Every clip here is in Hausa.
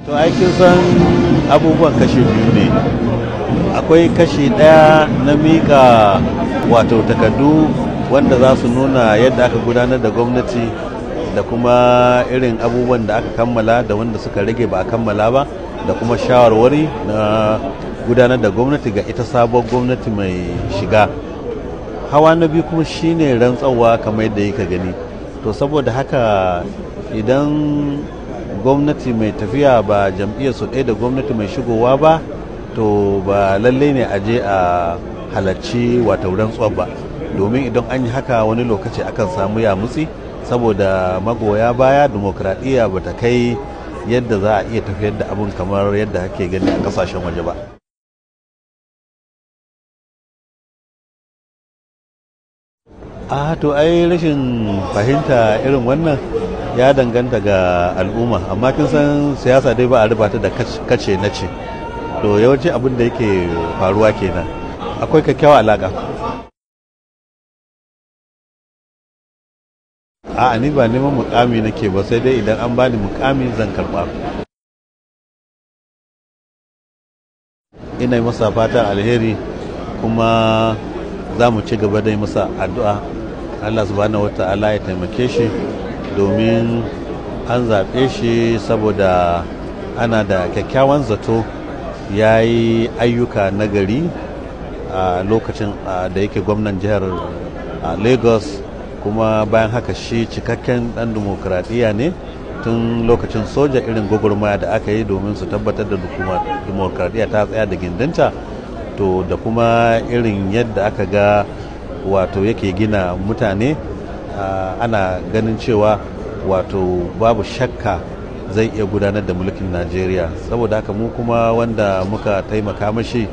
To aikin san abubuwan kashe biyu ne. Akwai kashe ɗaya na mika wato takardu wanda za su nuna yadda aka gudanar da gwamnati da kuma irin abubuwan da aka kammala da wanda suka rage ba a kammala ba da kuma shawarwari na gudanar da gwamnati ga ita sabon gwamnati mai shiga. Hawa na biyu kuma shine rantsawa kamar yadda ka gani. To saboda haka idan gwamnati mai tafiya ba jam'iyyar su ɗaya da gwamnati mai shigowa ba to ba lallai ne a je a halarci wata wurin tsohon ba domin idan an yi haka wani lokaci akan samu yamutsi saboda magoya baya demokradiyya ba ta kai yadda za a iya tafiyar da abin kamar yadda ake gani a kasashen waje ba a ah, to ai rashin fahimta irin wannan ya danganta ga al'umma amma kin san siyasa dai ba a rubuta da kace na ce to yawanci abin da yake faruwa kenan akwai kyakkyawa alaka a ni ba neman mukami nake ba sai dai idan an bani mukami zan karba ina yi masa fata alheri kuma za mu ci gaba da yi masa addu'a allah subhanahu wa ta'ala ya taimake shi domin an zaɓe shi saboda ana da kyakkyawan zato ya yi ayyuka nagari a lokacin da yake gwamnan jihar lagos kuma bayan haka shi cikakken ɗan demokuraɗiyya ne tun lokacin soja irin gwagwarmaya da aka yi domin su tabbatar da demokuraɗiyya ta tsaya da gindinta to da kuma irin yadda aka ga wato yake gina mutane Ah, ana ganin cewa wato babu shakka zai iya gudanar da mulkin najeriya saboda haka mu kuma wanda muka taimaka mashi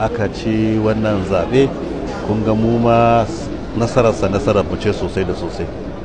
aka ci wannan zaɓe kun ga mu ma nasararsa nasarar ce sosai da sosai